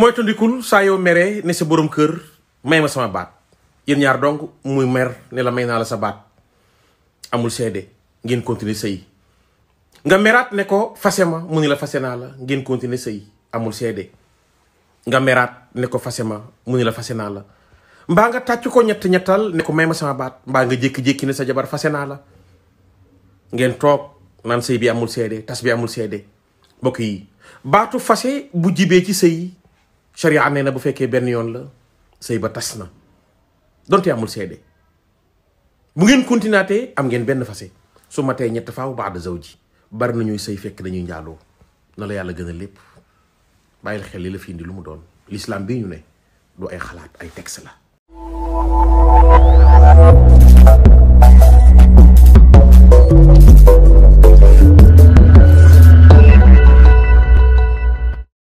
moytandikul sa yow mere ne sa borom kër mayma sama baat yeen ñaar donc muy mer ne la may sa baat amul seede ngeen continuer sey nga merat ne ko fasema mu ni la fasena la ngeen continuer sey amul seede nga merat ne ko fasema mu ni la fasena la mba nga tàcc ko ñett ñettal ne ko mayma sama baat mba nga jek jek ne sa jabar fasenala. la ngeen tok nan sey bi amul seede tas bi amul seede bokki batu fasé bu jibé ci sey sharia am na bu fekkee benn yoon la sëy ba tas na donte amul seede bu ngeen continuaatee am ngeen benn fase su ma ñett faaw baax de zaw ji bari na ñuy sëy fekk dañuy njaaloo na la yàlla gën a lépp bàyyil xel li la fi indi lu mu doon lislaam bi ñu ne du ay xalaat ay texte la